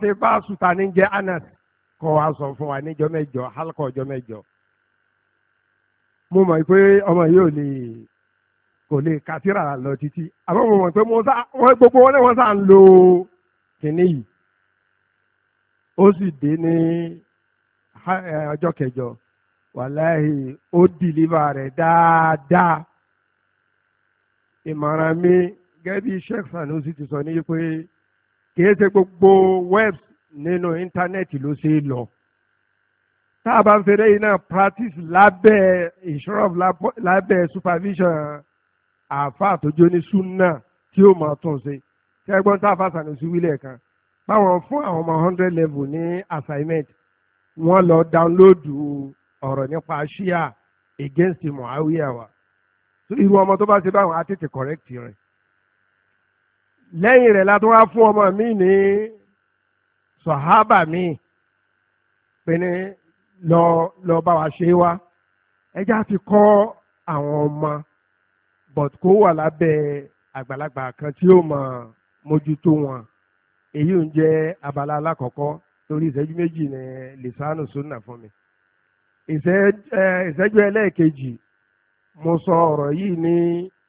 ṣe bá sùtà ní jẹ́ anas kọ́ wa sọ fún wa níjọ́ mẹ́jọ halkọ́ ọjọ́ mẹ́jọ. mo mọ̀ pé ọmọ yìí ò lè kò lè kásírà lọ títí àmọ́ mo mọ̀ pé wọ́n gbogbo wọn ní wọ́n sá ń lo kìnní yìí ó sì dé ní ọjọ́ kẹjọ wàláhì ó dìlíbà rẹ̀ dáadáa ìmọ̀ràn mi gẹ́gẹ́ Sheikh Sanusi ti sọ ní pé kìí ṣe gbogbo webs nínú íńtánẹ́ẹ̀tì ló ṣe é lọ tá a bá ń fẹ́rẹ́ yìí náà practice lábẹ́ insurance lábẹ́ supervision àáfàá tó jó ní sunna tí ó máa tún ṣe kẹgbọn tá a fa Sanusi wílẹ̀ kan báwọn fún àwọn ọmọ hundred level ní assignment wọ́n lọ dáńlódù ọ̀rọ̀ nípa ṣíà against Muawiya wa irú ọmọ tó bá ṣe báwọn á tètè correct rẹ̀. lẹ́yìn rẹ̀ la tún wá fún ọmọ mi ní sọ̀hábà mi pé ní lọ lọ bá wa ṣe wá ẹjẹ́ kọ́ àwọn ọmọ but kó wà lábẹ́ àgbàlagbà kan tí ó mọ̀ mójútó wọn èyí ń jẹ́ abala alákọ̀ọ́kọ́ torí ìṣẹ́jú méjì ní lisanu sunna fún mi ìṣẹ́jú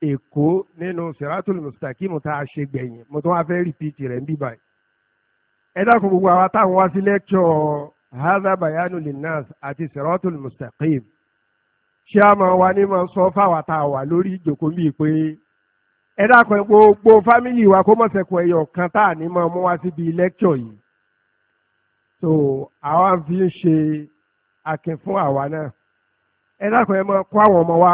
èkó nínú siratul mustaqim tá a ṣe gbẹ̀yìn mo tún wá fẹ́ rìpíìtì rẹ̀ ń bí báyìí. ẹ dákun gbogbo àwa táwọn wá sí lẹ́kṣọ̀ hadha bayanu linnas àti siratul mustaqim ṣé a máa wá ní máa sọ fáwa tá a wà lórí ìjókòó bíi pé ẹ dákun gbogbo fámìlì wa kó mọ̀sẹ̀kọ̀ ẹ̀yọ̀ kan tá a ní máa mú wá síbi lẹ́kṣọ̀ yìí. so àwa fi ń ṣe akin fún àwa náà ẹ dákun ẹ máa kó àwọn ọmọ wa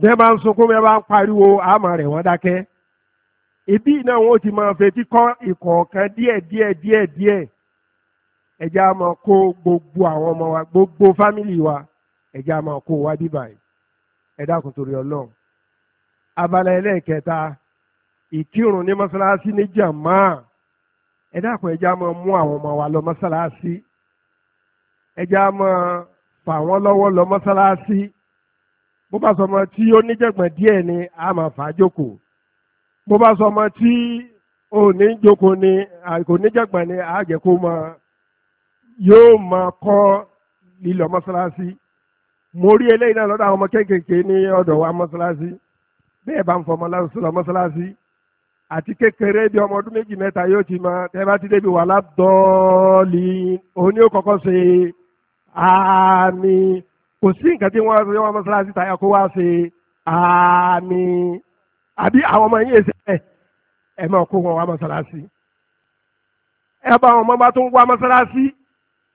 bí wọ́n bá ń sunkún bí wọ́n bá ń pariwo àmọ́ rẹ̀ wọ́n dákẹ́ ibi náà wọn ò ti máa fetí kọ́ ìkọ̀ọ̀kan díẹ̀ díẹ̀ díẹ̀ díẹ̀ ẹ̀já máa kó gbogbo àwọn ọmọ wa gbogbo fámìlì wa ẹ̀já máa kó wa bíbáyìí ẹ̀dá kò torí ọlọ́run abala ẹlẹ́ẹ̀kẹta ìkírun ní mọ́sálásí ní jàmá ẹ̀dá kan ẹja máa mú àwọn ọmọ wa lọ mọ́sálásí ẹja máa fà wọ́n lọ́wọ́ lọ mọ́sálásí bó bá sọmọ tí ó níjẹ̀gbọ̀n díẹ̀ ni a máa fà á jókòó bó bá sọmọ tí ò ní ni kò níjẹ̀gbọ̀n ni a jẹ́ kó máa yóò máa kọ́ lílọ mọ́ṣáláṣí mo rí eléyìí náà lọ́dọ̀ àwọn ọmọ kéékèèké ní ọ̀dọ̀ wa mọ́ṣáláṣí bẹ́ẹ̀ bá ń fọmọ lọ mọ́ṣáláṣí àti kékeré bí ọmọ ọdún méjì mẹ́ta yóò ti máa tẹ́ bá ti débi wàhálà dọ́ọ̀lì òun ni ó kọ́kọ́ ṣe àmì kò sí nǹkan tí wọ́n fi wọ́n mọ́sálásí tayọ kó wá ṣe àmì àbí àwọn ọmọ yín èsì ẹ̀ ẹ̀ kó wọn wá mọ́sálásí ẹ bá àwọn ọmọ bá tó wá mọ́sálásí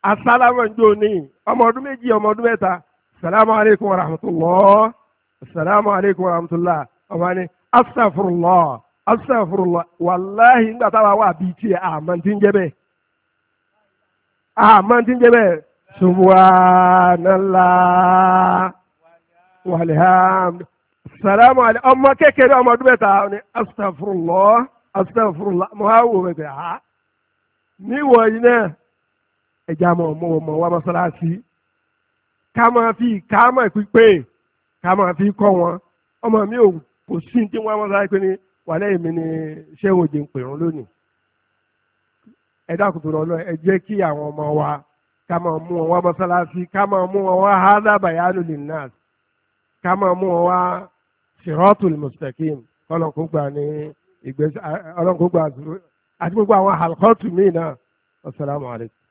asálámọ̀ ní ọmọ ọdún méjì ọmọ ọdún mẹ́ta salamu aleykum wa rahmatulah salamu aleykum wa rahmatulah ọmọ ni astaghfirullah astaghfirullah wàláhi nígbà táwa wà bíi tiẹ̀ àmọ́ ti ń jẹ́ bẹ́ẹ̀ àmọ́ ti ń jẹ́ bẹ́ẹ̀ subhanallah walhamd salamu alayhi ọmọ kékeré ọmọ ọdún mẹ́ta ni astagfirullah astagfirullah mo á wò bẹ̀bẹ̀ ha níwọ̀ yìí náà ẹja mọ̀ mọ̀ mọ̀ wá mọ́sálásí ká máa fi ká máa fi pé ká máa fi kọ́ wọn ọmọ mi ò kò sí tí wọ́n mọ́sálásí pé ní wàlẹ́ èmi ni ṣé òjì ń pèrún lónìí ẹ dákun tó lọ lọ ẹ jẹ́ kí àwọn ọmọ wa ká máa mú wọn wá هذا بيان للناس mú wọn wá المستقيم bayanu linnas ká máa mú wọn wá siratul mustaqim ọlọ́nkógbà ní ìgbésẹ̀ ọlọ́nkógbà àti gbogbo àwọn àlùkọ́tù míì náà assalamu alaikum.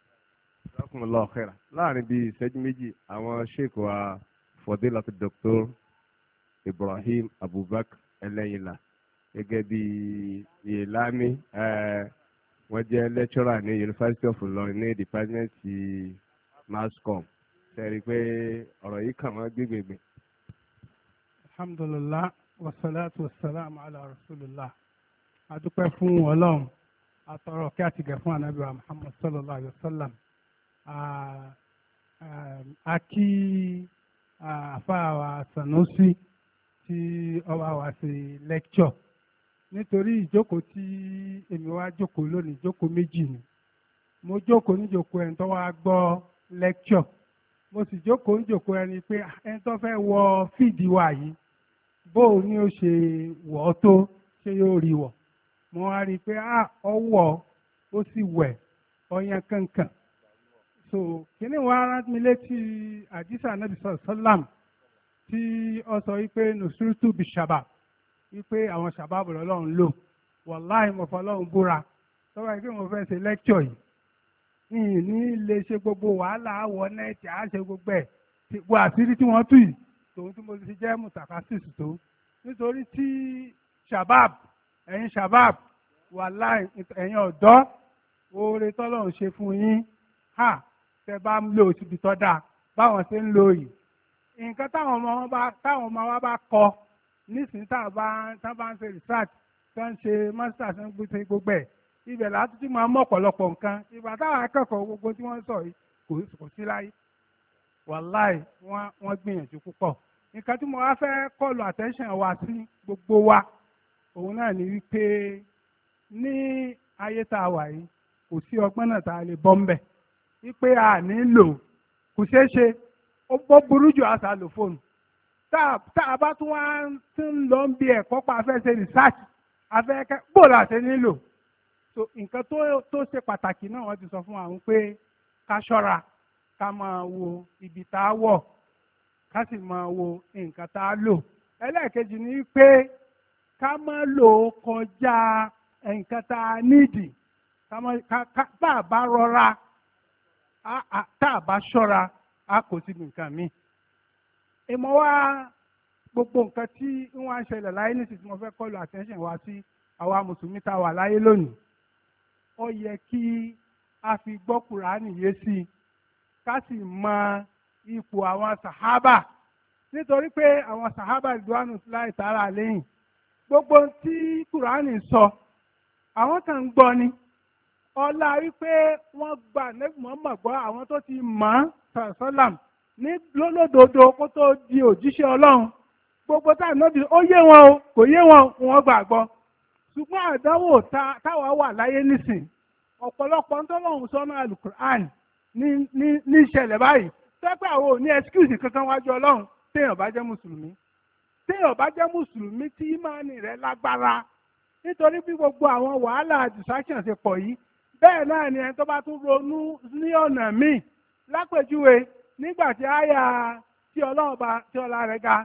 jazakumullahu khairan láàrin bíi ìṣẹ́jú méjì àwọn sheikh wa fọdílàtí dr ibrahim abubakar ẹlẹ́yìnlá gẹ́gẹ́ bíi ìyèlámi wọ́n jẹ́ lecturer ní University of Ilorin ní department mass com sẹ́rí pé ọ̀rọ̀ yìí kàn wọ́n gbégbègbè. alhamdulilah wa wasalaamu ala rasulillah adúpẹ́ fún ọlọ́run atọ́rọ̀ kí a ti gẹ̀ fún anabi muhammad sallallahu alayhi wa sallam a kí àfa wa sanusi tí ọba wa ṣe lecture nítorí ìjókòó tí èmi wá jókòó lónìí ìjókòó méjì ni mo jókòó níjókòó ẹni tó wá gbọ́ lẹ́kṣọ̀ mo sì jókòó níjókòó ẹni pé ah, ẹni tó fẹ́ wọ fíìdì wa yìí bóò ni ó ṣe wọ̀ ọ́ tó ṣé yóò rí wọ̀ mo wá rí i pé ọ ah, wọ̀ ó sì wẹ̀ ọyàn kankan so kíní wàá rán mi létí àdìsá nàbìsọ sọlám tí ọ sọ wípé nùsùrùtù bìṣàbà wípé àwọn ṣàbábù lọ́lọ́run lò wàláì mo fọlọ́run búra tọ́wọ́ yìí kí mo fẹ́ ṣe lẹ́kṣọ̀ yìí ìyìn ní lè ṣe gbogbo wàhálà àwọ̀ nẹ́ẹ̀tì á ṣe gbogbo ẹ̀ gbogbo àṣírí tí wọ́n tú yìí tòun tí mo ti jẹ́ mùsàkásìs tó nítorí tí shabab ẹ̀yin shabab wàláì ẹ̀yin ọ̀dọ́ oore tọ́lọ́run ṣe fún yín ha tẹ bá ń lo òṣìbìtọ́ dáa báwọn ṣe ń lo yìí nǹkan táwọn ọmọ wa bá kọ nísìnyí tá a bá tá a bá ń ṣe research tá a ń ṣe masters ń gbèsè gbogbo ẹ̀ ibẹ̀ láti tún máa mọ̀ ọ̀pọ̀lọpọ̀ nǹkan ìgbà táwọn akẹ́kọ̀ọ́ gbogbo tí wọ́n sọ yìí kò kò sí láyé wàláì wọ́n wọ́n gbìyànjú púpọ̀ nǹkan tí mo wá fẹ́ kọlu attention wa sí gbogbo wa òun náà ni wípé ní ayé tá a wà yìí kò sí ọgbọ́n náà tá a lè bọ́ ń wípé a ní lò kò ṣeé ṣe ó burú jù àṣà lò fóònù tá a bá tún wá ti ń lọ ń bi ẹ̀kọ́ pa afẹ́ ṣe rìsáàtì afẹ́ kẹ́ bó la ṣe nílò so nǹkan tó ṣe pàtàkì náà wọ́n ti sọ fún àwọn pé ká ṣọ́ra ká máa wo ibi tá a wọ̀ ká sì máa wo nǹkan tá a lò ẹlẹ́ẹ̀kejì ni pé ká má lò ó kọjá nǹkan tá a nídìí tá a bá rọra tá a bá ṣọ́ra a kò sí nǹkan míì èmọ̀ wá gbogbo nǹkan tí wọ́n á ṣẹlẹ̀ láyé ní títí mo fẹ́ kọlu attention wa sí àwa mùsùlùmí tá a wà láyé lónìí ó yẹ kí a fi gbọ́ kùránì yé sí i ká sì mọ ipò àwọn sàhábà nítorí pé àwọn sàhábà ìdúwánu láì tààrà lẹ́yìn gbogbo tí kùránì sọ àwọn kan ń gbọ́ ni ọlá wípé wọ́n gba nẹ́gbọ̀n mọ̀gbọ́ àwọn tó ti mọ̀ ọ́ sàlám ní lólódodo kó tó di òjíṣẹ́ ọlọ́run gbogbo táà nọ́bì ó yé wọn o kò yé wọn wọn gbàgbọ́ ṣùgbọ́n àdánwò táwa wà láyé nísìn ọ̀pọ̀lọpọ̀ ń tọ́lọ́run sọ́nà alukur'an ní ìṣẹ̀lẹ̀ báyìí tẹ́pẹ́ àwọn ò ní ẹ́síkìsì kankan wájú ọlọ́run téèyàn bá jẹ́ mùsùlùmí téèyàn bá jẹ́ mùsùlùmí tí ìmánì rẹ̀ lágbára nítorí bí gbogbo àwọn wàhálà distraction ṣe pọ̀ yìí bẹ́ẹ̀ náà ni ẹni tó bá tún ronú ní ọ̀nà míì lápèjúwe nígbà àyà tí ọlọ́ọ̀ba tí ọlá rẹ̀ ga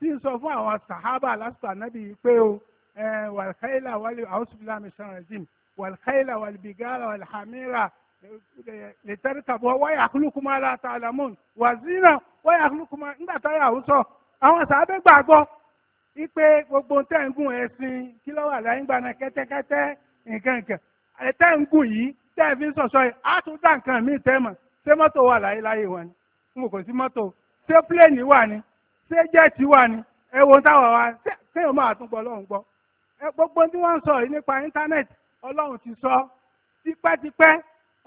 tí ń sọ fún àwọn sàhábà lásìkò ànábì yìí pé o wàlkàìlà wàlú àwùsùlùmí àmìsànrẹ̀dìm wàlkàìlà wàlú bìgárà wàlú hàmírà lẹ́tẹ̀rìtàbọ̀ wáyà àkúlùkùmá láta àlàmùn wàzínà wáyà àkúlùkùmá ńgbà táyà àwùsọ àwọn sàábẹ́ gbàgbọ́ ipe gbogbo tẹ́ǹgùn ẹ̀sìn kí lọ́wọ́ àlàyé gbàna kẹ́tẹ́kẹ́tẹ́ nǹkan tẹ́ǹgùn yìí tẹ́ẹ̀fín sọ̀sọ́ yìí á tún dá nǹkan míì tẹ́ẹ̀mọ̀ ṣé mọ́tò wà láyé láyé wọn ni n kò sí mọ́tò ṣé pílẹ̀nì wà ni ṣé jẹ́ẹ̀tì wà ni ẹ wo táwọn wa kéèyàn máa tún gbọ́ ọlọ́run gbọ́ ẹ gbogbo tí wọ́n ń sọ yìí nípa íńtánẹ́ẹ̀tì ọlọ́run ti sọ tipẹ́tipẹ́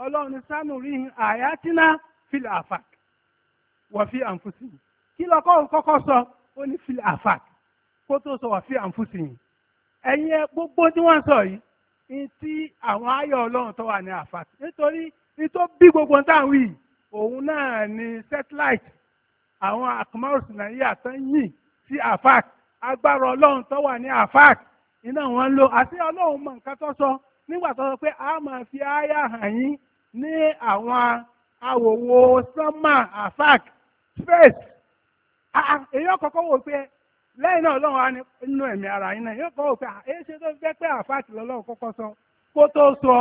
ọlọ́run ní sánú rí àyátínà fílẹ̀ àfàk wọ̀fí àǹfùsì kí lọ́kọ́ kọ́kọ́ sọ ó ní fílẹ̀ àfàk kó tó sọ wọ̀fí àǹfùsì yìí ẹ̀yin ẹ gbogbo tí wọ́n ń sọ yìí ní ti àwọn ayọ̀ ọlọ́run tó wà ní àfàk nítorí ní tó bí gbogbo táwọn wí yìí òun náà ni satellite àwọn akọmọrùsì nàìjíríà tó ń yìn sí afac agbára ọlọ́run tó wà ní afac iná wọn lò àti ọlọ́run mọ nǹkan tó sọ nígbà tó sọ pé a máa fi àyà hàn yín ní àwọn awòwo sánmà afac space èyí ọkọ̀ọ̀kọ̀ wò pé lẹ́yìn náà ọlọ́run á nínú ẹ̀mí ara yín náà yóò kọ́ òpin èyí ṣe tó jẹ́ pé àfáàtì lọ́lọ́run kọ́kọ́ sọ kó tó sọ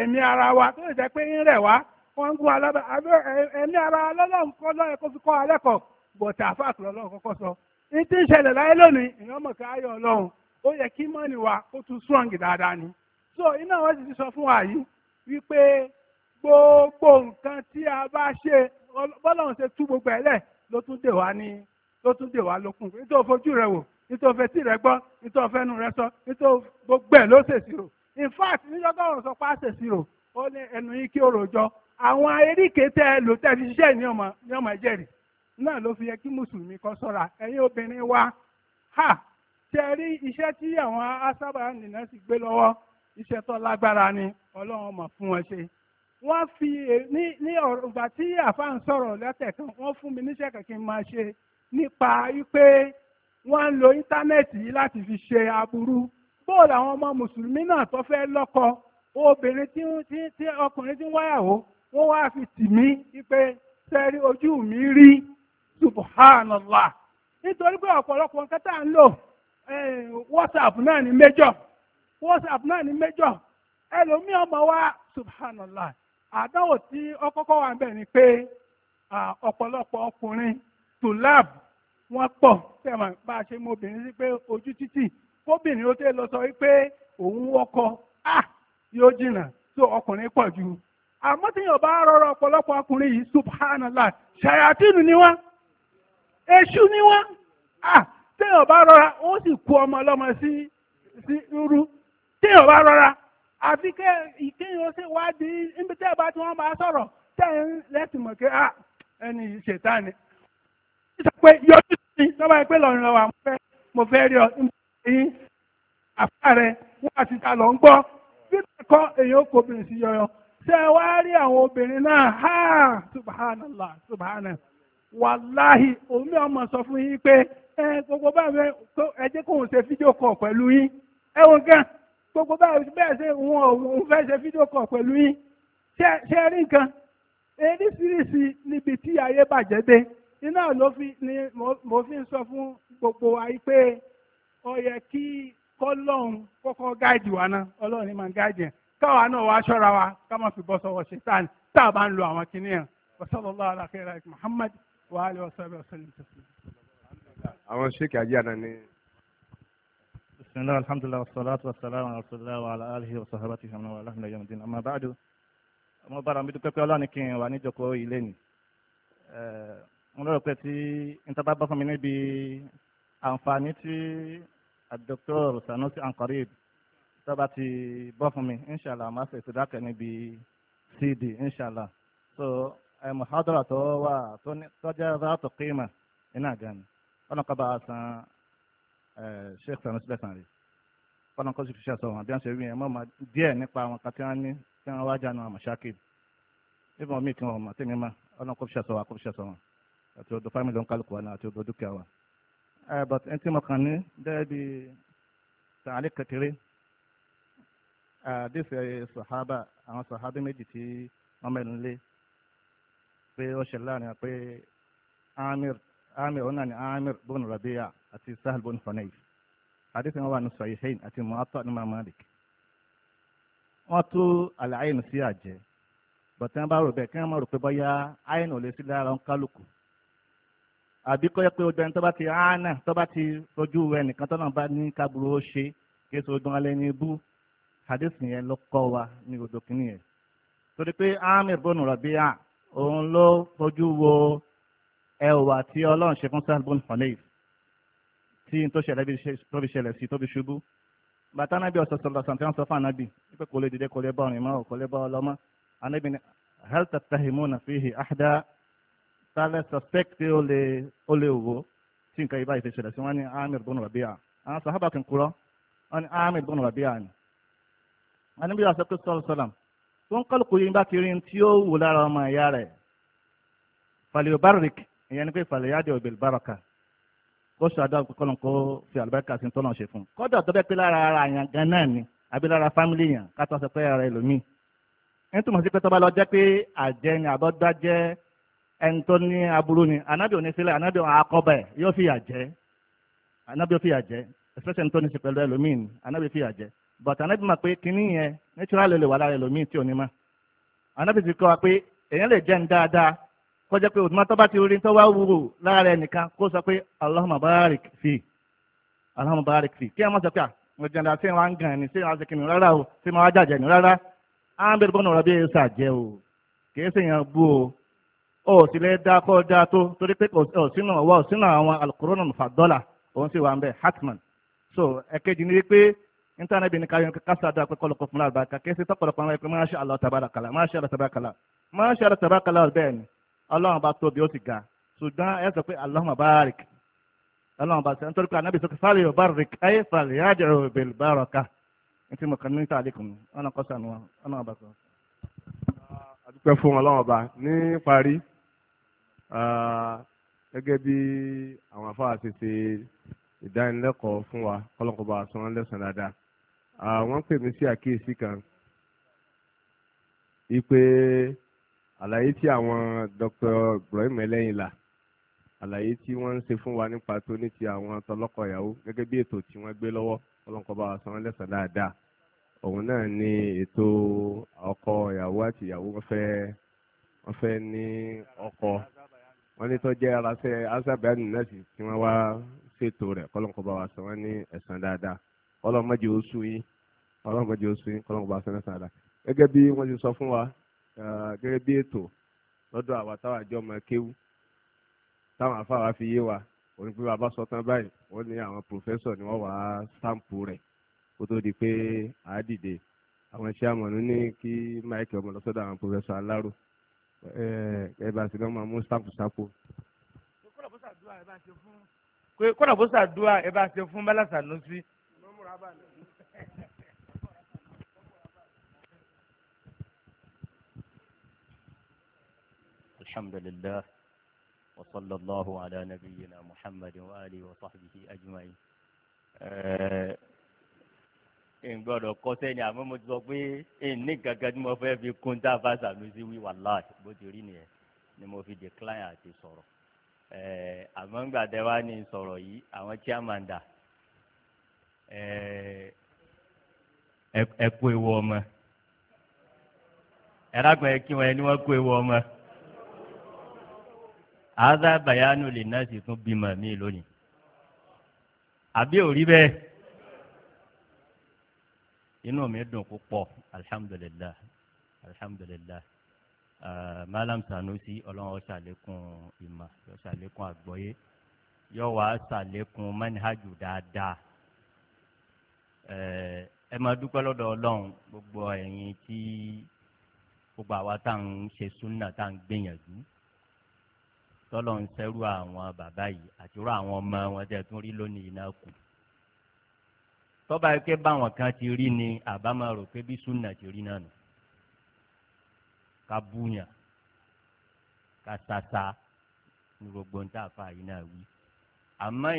ẹ̀mí ara wa tó lè jẹ́ pé ń rẹ̀ wá wọ́n ń gún alábẹ́ ẹ̀mí ara lọ́lọ́run kọ́ lọ́yẹ kó fi kọ́ alẹ́ kọ̀ bọ̀tà àfáàkì lọ́lọ́run kọ́kọ́ sọ ní tí ń ṣẹlẹ̀ láyé lónìí èèyàn mọ̀ ká ayọ̀ ọlọ́run ó yẹ kí mọ́ni wa kó tún súwọ̀ǹgì dáadáa ni so iná wọn sì ti sọ fún wa yìí wípé gbogbo nǹkan tí a bá ṣe bọ́lọ́run ṣe tú gbogbo ẹ̀lẹ́ ló tún dè wá ní ló tún dè wá lókun nítorí fojú rẹ wò nítorí fetí rẹ gbọ́ nítorí fẹnu rẹ sọ nítorí gbogbo ẹ̀ ló ṣèṣirò in fact níjọ́ bá wọn sọ pé a ṣèṣirò ó àwọn eríkè tẹ́ ẹ lò tẹ́ fi ṣiṣẹ́ ní ọmọ ní ọmọ ẹ̀jẹ̀rì náà ló fi yẹ kí mùsùlùmí kọ́ sọ́ra ẹ̀yin obìnrin wa ha ṣe rí iṣẹ́ tí àwọn asábà nìyẹn sì gbé lọ́wọ́ iṣẹ́ tó lágbára ni ọlọ́run mọ̀ fún wọn ṣe wọ́n fi ní ní ọ̀gbà tí àfa ń sọ̀rọ̀ lẹ́tẹ̀ kan fún mi níṣẹ́ kẹ̀kẹ́ máa ṣe nípa wípé wọ́n ń lo íńtánẹ́ẹ̀tì yìí láti fi ṣe aburú bóòlù àwọn ọmọ mùsùlùmí náà tó fẹ́ lọ́kọ obìnrin tí ọkùnrin tí ń wáyàwó wọ́n wá fi tì mí wípé sẹ́rí ojú mi rí subhanallah nítorí pé ọ̀pọ̀lọpọ̀ nǹkan tá à ń lò whatsapp náà ní major whatsapp náà ní major ẹlòmíì ọmọ wa subhanallah àdáwò tí ọkọ́kọ́ wà ń bẹ̀ ni pé ọ̀pọ̀lọpọ̀ ọkùnrin tulab wọ́n pọ̀ tẹ̀mọ̀ bá a ṣe mọ obìnrin sí pé ojú títì kóbìnrin ó tẹ́ lọ sọ wípé òun wọ́kọ ah yóò jìnnà tó ọkùnrin pọ̀ ju àmọ́ yóò bá rọrọ ọ̀pọ̀lọpọ̀ ọkùnrin yìí subhanallah ṣàyàtìnù ni wọ́n èṣù ni wọ́n tí bá rọra ó sì kú ọmọ ọlọ́mọ sí sí irú tí bá rọra àfi kẹ́ ìkéyìn ó wádìí níbi tẹ́ bá tí wọ́n bá sọ̀rọ̀ lẹ́sìn mọ̀ kí ẹni yìí ni. pé yọjú mi lọ́wọ́ lọ́wọ́ fẹ́ mo fẹ́ ọ ṣe wá rí àwọn obìnrin náà ha subhanallah subhanallah wàláhì omi ọmọ sọ fún yín pé ẹ gbogbo báyìí ẹ jẹ́ kóun ṣe fídíò kọ̀ pẹ̀lú yín ẹ wọn gan gbogbo báyìí bẹ́ẹ̀ ṣe wọn òun fẹ́ ṣe fídíò kọ̀ pẹ̀lú yín ṣe rí nǹkan eríṣiríṣi níbi tí ayé bàjẹ́ dé iná ló fi ni mo fi ń sọ fún gbogbo ayé pé ó yẹ kí kọ́lọ́hún kọ́kọ́ gáàdì wa náà ọlọ́run ni màá gáàdì ẹ̀ káwa náà wá ṣọ́ra wa ká má fi bọ́ sọ́wọ́ ṣetán tá a bá ń lo àwọn kìnìyàn wa sallallahu ala khairika muhammad wa alihi wa sahbihi wa sallam taslim. àwọn sheik ajé àná ni. bisimilahi alhamdulilayi wasalaatu wasalaamu ala rasulilayi wa ala alihi wa sahabatihi wa alhamdulilayi wa rahmatulahi amma ba'du ọmọ bára mi dúpẹ́ pé ọlọ́run kí n wà níjókòó ilé ni eh, mo lọ́rọ̀ pé tí nítorí bá fún mi níbi àǹfààní tí àdókòrò sanusi ankorib tọ́ba ti bọ́ fún mi inshallah máa ṣètò dákẹ́ níbi cd inshallah so muhadara tó wà tọ́jà ráàtò kéèmà iná gan ni ọlọ́nkọ́ bá a san sheikh sanusi lẹ́sàn rẹ̀ ọlọ́nkọ́ sì fi ṣe àsọ̀rọ̀ àbí wọ́n ṣe rí ẹ̀ mọ́ ma díẹ̀ nípa àwọn kan tí wọ́n ní tí wọ́n wá jánu àmọ́ ṣáàkì ìbọn mi kí wọn mọ̀ tẹ́mi mọ́ ọlọ́nkọ́ fi ṣe àsọ̀rọ̀ àkọ́ fi ṣe àsọ̀rọ̀ àti odò fámìlì òǹkálùkù wa náà àti odò dúkìá wa but ẹni tí mo kàn ní dẹ́rẹ́ bíi tààlẹ́ kékeré àdéhùn ẹ̀ sàhábà àwọn sàhábà méjì tí wọ́n mẹ́nu lé pé ó ṣe láàrin pé amir amir ọ̀nà ni amir bọ́n rabia àti sahel bọ́n fanayif àdéhùn wọn wà ní sahihain àti muwatta ní tú bá rò kí rò pé ò lè sí lára kálukú àbí kọ́ yẹ pé obìnrin tó bá ti tó bá ti tó náà hadith yẹn ló kọ́ wa ní odò kìíní yẹn torí pé amir bonu rabia òun ló fojú wo ẹwà tí ọlọ́run ṣe fún sahel bonu hanif tí n tó ṣẹlẹ̀ tó fi ṣẹlẹ̀ sí tó fi ṣubú bàtà náà bí ọ̀sẹ̀ sọ̀rọ̀ sàǹtì wọn sọ fún anabi wípé kò lè dìde kò lè bá ọ̀rìn mọ́ kò lè bá ọlọ́mọ anabi ni hal tattahimuna fihi ahda tálẹ̀ suspect pé ó lè ó lè wò tí nǹkan yìí báyìí ti ṣẹlẹ̀ sí wọn ní amir bonu rabia àwọn sàhábà ànábì àṣẹ pé sọ̀rọ̀ sọ̀rọ̀ tó ń kọ́lùkù yín bá ti rí tí ó wù lára ọmọ ìyá rẹ̀ falẹ̀ obarik ìyẹn ni pé falẹ̀ yáde òbí baraka kó ṣàdá kọ́lọ̀ kó fi àlùbáríkà sí tọ́nà ṣe fún un kọ́dà tó bẹ́ẹ̀ pé lára ara àyàn gan náà ni àbí lára fámìlì yàn kátó ṣe pé ara ẹlòmíì nítorí mo sì pé tó lọ jẹ́ pé àjẹyìn àbọ̀dá jẹ́ ẹni tó ní aburú ni anábì ò sílẹ̀ anábì àkọ́bẹ̀ yóò fìyà jẹ anábì ò fìyà jẹ especially ní tó ní ṣe pẹ̀lú ẹlòmíì anábì fìyà jẹ bàtà anábì mọ̀ pé kínní yẹn natural lè wà lára ẹlòmíì tí ò ní mọ̀ anábì ti kọ́ wa pé èèyàn lè jẹun dáadáa kọjá pé òtún tó bá ti rí tó wá wúwo lára ẹnìkan kó sọ pé Allahumma barik fi Allahumma barik fi kí ẹ mọ̀ sọ pé à ah, mo jẹun dáa sí wa ń gàn ní sí wa sèkìnnì rárá o sí wa jàjẹ ní rárá á ń bẹ̀rẹ̀ bọ́nà ọ̀rọ̀ bí ẹ sàjẹ o kì í sì yàn bú o ó al-qurunul mufaddala òun sì wà hatman so ẹ̀kejì ni wípé nítorí ẹbí ní ká yọ̀ǹkà ká sàdá pé kọ́lọ́kọ́ fún láàbá ká kí ẹ ṣe tọ́pọ̀lọpọ̀ àwọn ẹgbẹ́ máṣá Allah tabarakala máṣá Allah tabarakala máṣá Allah tabarakala bẹ́ẹ̀ ni ọlọ́run bá tóbi ó ti ga ṣùgbọ́n ẹ sọ pé Allahumma barik ọlọ́run bá ṣe nítorí pé anábì sọ́kè fàlẹ́ yóò barik ayé fàlẹ́ yájẹ̀ bil baraka ní ah, ti mọ̀ kàn ní tàlíkùn ọ̀nà kọ́sàn-án ọlọ́run bá sọ dúpẹ́ fún ọlọ́run ọba ní parí gẹ́gẹ́ bí àwọn afáà ti ṣe ìdánilẹ́kọ̀ọ́ fún wa kọ́lọ́kọ́ bá a san dáadáa wọ́n pè mí sí àkíyèsí kan ipe àlàyé tí àwọn Dr. Ibrahim Ẹlẹ́yìnlá àlàyé tí wọ́n ń ṣe fún wa nípa tó ní ti àwọn tọlọ́kọ ìyàwó gẹ́gẹ́ bí ètò tí wọ́n gbé lọ́wọ́ ọlọ́nkọ́ bá wa dáadáa òun náà ni ètò ọkọ ìyàwó àti ìyàwó wọ́n fẹ́ wọ́n fẹ́ ní ọkọ wọ́n ní tó jẹ́ aláṣẹ aṣábẹ́ẹ́nì náà sì tí wọ́n wá ṣètò rẹ̀ kọ́lọ́nkọ́ bá ní ẹ̀san dáadáa ọlọ́mọdé oṣù yín ọlọ́mọdé oṣù yín kọ́lọ́mọba sẹ́nẹ́ sàdá gẹ́gẹ́ bí wọ́n ti sọ fún wa gẹ́gẹ́ bí ètò lọ́dọ̀ àwa táwa jọ ọmọ kéwú táwọn afáwa fi yé wa òní pé bàbá sọ tán báyìí wọ́n ní àwọn pòfẹ́sọ̀ ni wọ́n wà á sáǹpù rẹ̀ kó tó di pé à á dìde àwọn iṣẹ́ àmọ̀nú ní kí máìkì ọmọ lọ́sọ́dọ̀ àwọn pòfẹ́sọ̀ aláró ẹ bá ti lọ́ máa mú sáǹpù kódà bó ṣàdúrà ẹ bá ṣe fún bálàsà lọ rábà nù. الحمد لله وصلى الله على نبينا محمد وآله وصحبه أجمعين n gbọ́dọ̀ kọsẹ̀ ni àmọ́ mo ti sọ pé ní gàgà tí mo fẹ́ fi kún tá a bá sàmì sí wíwà láàyè bó ti rí nìyẹn ni mo fi decline àti sọ̀rọ̀ eh, àmọ́ ńgbà tẹ́ wá ní sọ̀rọ̀ yìí àwọn chairman dà ẹ kó ewu ọmọ ẹ̀rágbọ̀n ẹ̀kí wọn ni wọ́n kó ewu ọmọ àádá bayanu lè náà sì tún bímọ mí lónìí àbí ò rí bẹ́ẹ̀ inú mi dùn púpọ̀ alihamudulilayi alihamudulilayi malam sanusi ọlọ́run ó ṣàlékún ìmọ̀ ó ṣàlékún àgbọ́yé yóò wá ṣàlékún manhajù dáadáa ẹ máa dúpẹ́ lọ́dọ̀ ọlọ́run gbogbo ẹ̀yin tí gbogbo àwa tá à ń ṣe súnà tá à ń gbìyànjú tọ́lọ̀ ń sẹ́rù àwọn bàbá yìí àti rú àwọn ọmọ wọn tẹ̀ tún rí lónìí náà kù tọ́ba yìí pé báwọn kan ti rí ni àbá máa rò pé bí súnà ti rí náà ká búyàn ká sasa ní gbogbo ń tà fà yìí náà wí àmọ́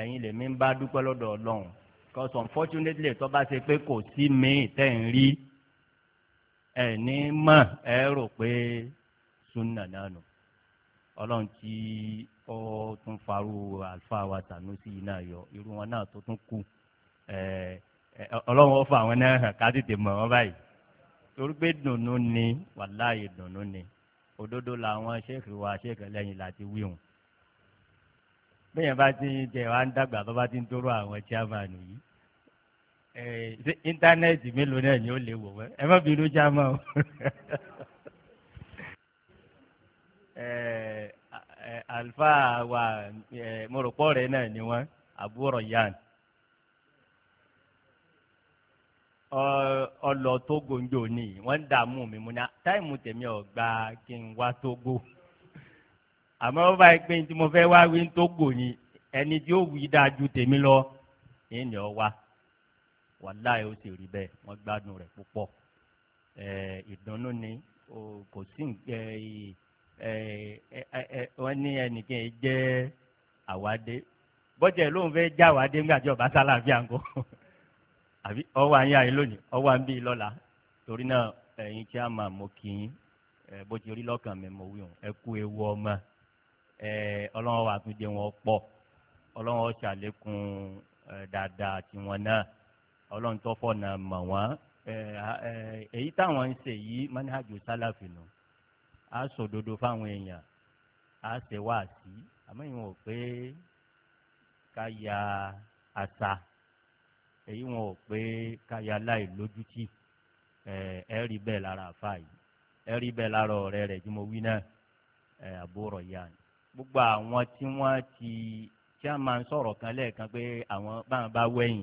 ẹ̀yin lèmi ń bá dúpẹ́ lọ́dọ̀ ọlọ́run because unfortunately tó bá ṣe pé kò sí míì tẹ́ ń rí ẹ̀ ní mọ̀ ẹ rò pé sunna náà nù ọlọ́run tí ó tún farú àlùfáà wa tànú sí iná yọ irú wọn náà tó tún kù ọlọ́run ó fa àwọn náà hàn ká tètè mọ̀ wọ́n báyìí torí pé dùnnú ni wàláyé dùnnú ni òdodo làwọn ṣéèkì wa ṣéèkì lẹ́yìn láti wíhùn bẹ́ẹ̀ bá ti ń jẹ wá ń dàgbà tó bá ti ń tóró àwọn chairman yìí ṣe íńtánẹ́ẹ̀tì mélòó náà ni ó lè wò wẹ́ ẹ má bínú chairman o alfa wa mọ̀rọ̀pọ̀ rẹ̀ náà ni wọ́n àbúrò yan ọlọ Tógò ń jò ní wọ́n ń dààmú mi mo ní táìmù tèmi ọ̀ kí n wá Tógò àmọ́ ó báyìí pé tí mo fẹ́ wá wí tó gò ní ẹni tí ó wí dáa ju tèmi lọ ẹni ọ wá wàláì ó sì rí bẹ́ẹ̀ wọ́n gbádùn rẹ̀ púpọ̀ ìdùnnú ni kò sí wọ́n ní ẹnìkan jẹ́ àwádé bọ́jẹ̀ lóun fẹ́ já àwádé nígbà tí ọba sálàáfíà ń kọ́ ọwọ́ ayé ayé lónìí ọwọ́ àbí lọ́la torí náà ẹ̀yin tí a máa mọ̀ kí yín bó ti rí lọ́kàn mi mo wí hàn ẹ kú ewu ọmọ ọlọ́run wà tún dé wọn pọ̀ ọlọ́run ṣàlékún dáadáa tiwọn náà ọlọ́run tó mọ̀ wọ́n èyí táwọn ń ṣe yìí manhajù sálàfì nù á sòdodo fáwọn èèyàn á ṣe wáàsí àmọ́ ìwọ̀n ò pé ká ya àṣà èyí wọn ò pé ká ya láì lójútì ẹ rí bẹ́ẹ̀ lára gbogbo àwọn tí wọ́n ti tí a máa ń kan lẹ́ẹ̀kan pé àwọn báwọn bá wẹ̀yìn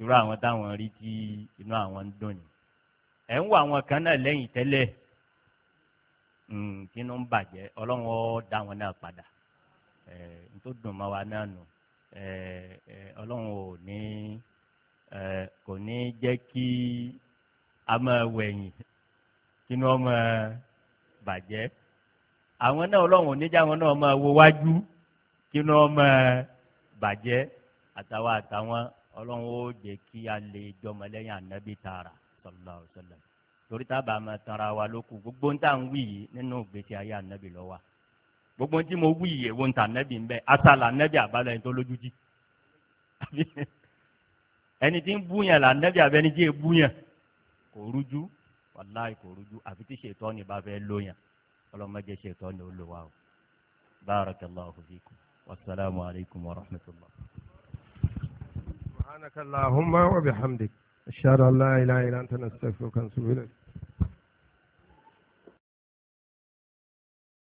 irú àwọn táwọn rí tí inú àwọn ń ni ẹ̀ ń wọ àwọn kan náà lẹ́yìn tẹ́lẹ̀ tínú hmm, ń bàjẹ́ ọlọ́run ó dá wọn náà padà n tó dùn wa náà nù ni máa àwọn náà ọlọ́run oníjà wọn náà máa wo wájú kí wọ́n máa bàjẹ́ àtàwọn àtàwọn ọlọ́run ó jẹ́ kí a lè jọmọ lẹ́yìn ànábì tààrà sallallahu alaihi wasallam torí tábà máa tanra wa lókù gbogbo ń tà ń wí yìí nínú ìgbésí ayé ànábì lọ́wọ́ gbogbo ń tí mo wí yìí èwo ń tà ànábì ń bẹ asàlà ànábì àbálẹ̀ ń tó lójú jì ẹni tí ń búyàn là ànábì àbẹ́ni tí è búyàn kò rújú wàláì kò rújú àfi tí ṣètọ́ ni bá fẹ́ lóyàn. ọlọ́mọdé ṣètò ọ̀nà olùwà o barakallahu fikum wasalaamu alaykum wa rahmatulah. subhanakallahumma wa bihamdik ashhadu an la ilaha illa anta nastaghfiruka wa atubu ilayk.